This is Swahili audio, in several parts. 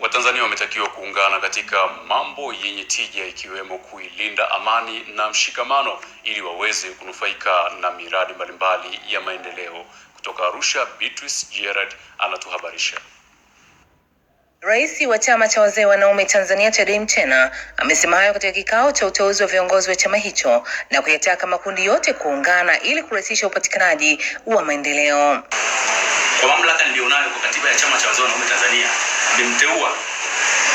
Watanzania wametakiwa kuungana katika mambo yenye tija ikiwemo kuilinda amani na mshikamano ili waweze kunufaika na miradi mbalimbali ya maendeleo. Kutoka Arusha, Beatrice Gerard anatuhabarisha. Rais wa chama cha wazee wanaume Tanzania Chadem tena amesema hayo katika kikao cha uteuzi wa viongozi wa chama hicho na kuyataka makundi yote kuungana ili kurahisisha upatikanaji wa maendeleo. Kwa mamlaka niliyonayo kwa katiba ya chama cha wazee wanaume Tanzania Nilimteua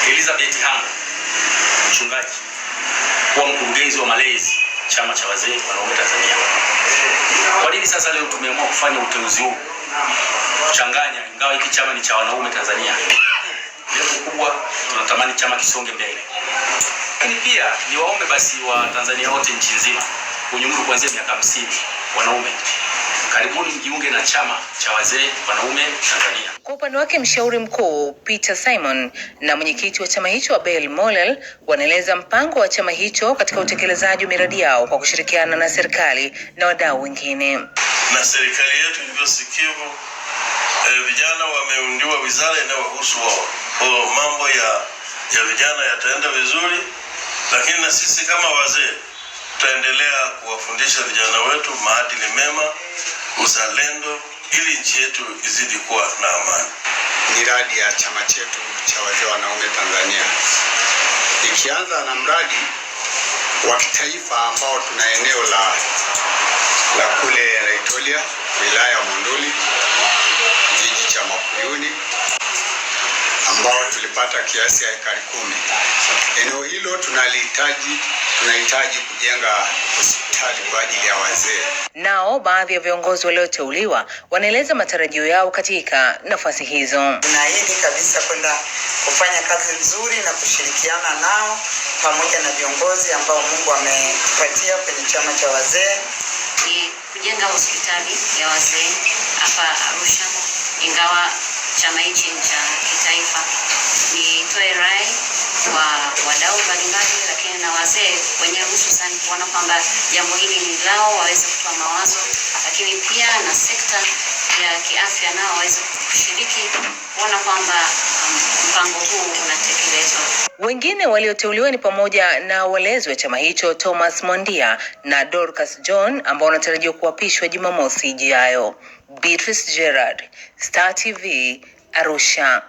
Elizabeth Hanga mchungaji kuwa mkurugenzi wa malezi chama cha wazee wanaume Tanzania. Kwa nini sasa leo tumeamua kufanya uteuzi huu kuchanganya, ingawa hiki chama ni cha wanaume Tanzania? Lengo kubwa tunatamani chama kisonge mbele, lakini pia niwaombe basi wa Tanzania wote nchi nzima, wenye umri kuanzia miaka 50 wanaume Karibuni mjiunge na chama cha wazee wanaume Tanzania. Kwa upande wake mshauri mkuu Peter Simon na mwenyekiti wa chama hicho Abel Molel wanaeleza mpango wa chama hicho katika utekelezaji wa miradi yao kwa kushirikiana na serikali na wadau wengine. Na serikali yetu ilivyosikivu, eh, vijana wameundiwa wizara inayohusu wao. Kwa mambo ya, ya vijana yataenda vizuri, lakini na sisi kama wazee tutaendelea kuwafundisha vijana wetu maadili mema uzalendo ili nchi yetu izidi kuwa na amani. Miradi ya chama chetu cha wazee wanaume Tanzania ikianza na mradi wa kitaifa ambao tuna eneo la, la kule Laitolia wilaya ya Monduli kijiji cha Makuyuni ambao tulipata kiasi ya ekari kumi. Eneo hilo tunalihitaji, tunahitaji kujenga hospitali kwa ajili ya wazee. Nao baadhi ya viongozi walioteuliwa wanaeleza matarajio yao katika nafasi hizo. Tunaahidi kabisa kwenda kufanya kazi nzuri na kushirikiana nao pamoja na viongozi ambao Mungu amepatia kwenye chama cha wazee ni kujenga hospitali ya wazee hapa Arusha, ingawa chama hichi cha kitaifa wa wadau mbalimbali, lakini na wazee wenyewe hususan kuona kwamba jambo hili ni lao, waweze kutoa mawazo, lakini pia na sekta ya kiafya nao waweze kushiriki kuona kwamba um, mpango huu unatekelezwa. Wengine walioteuliwa ni pamoja na walezi wa chama hicho Thomas Mondia na Dorcas John ambao wanatarajiwa kuapishwa Jumamosi ijayo. Beatrice Gerard, Star TV, Arusha.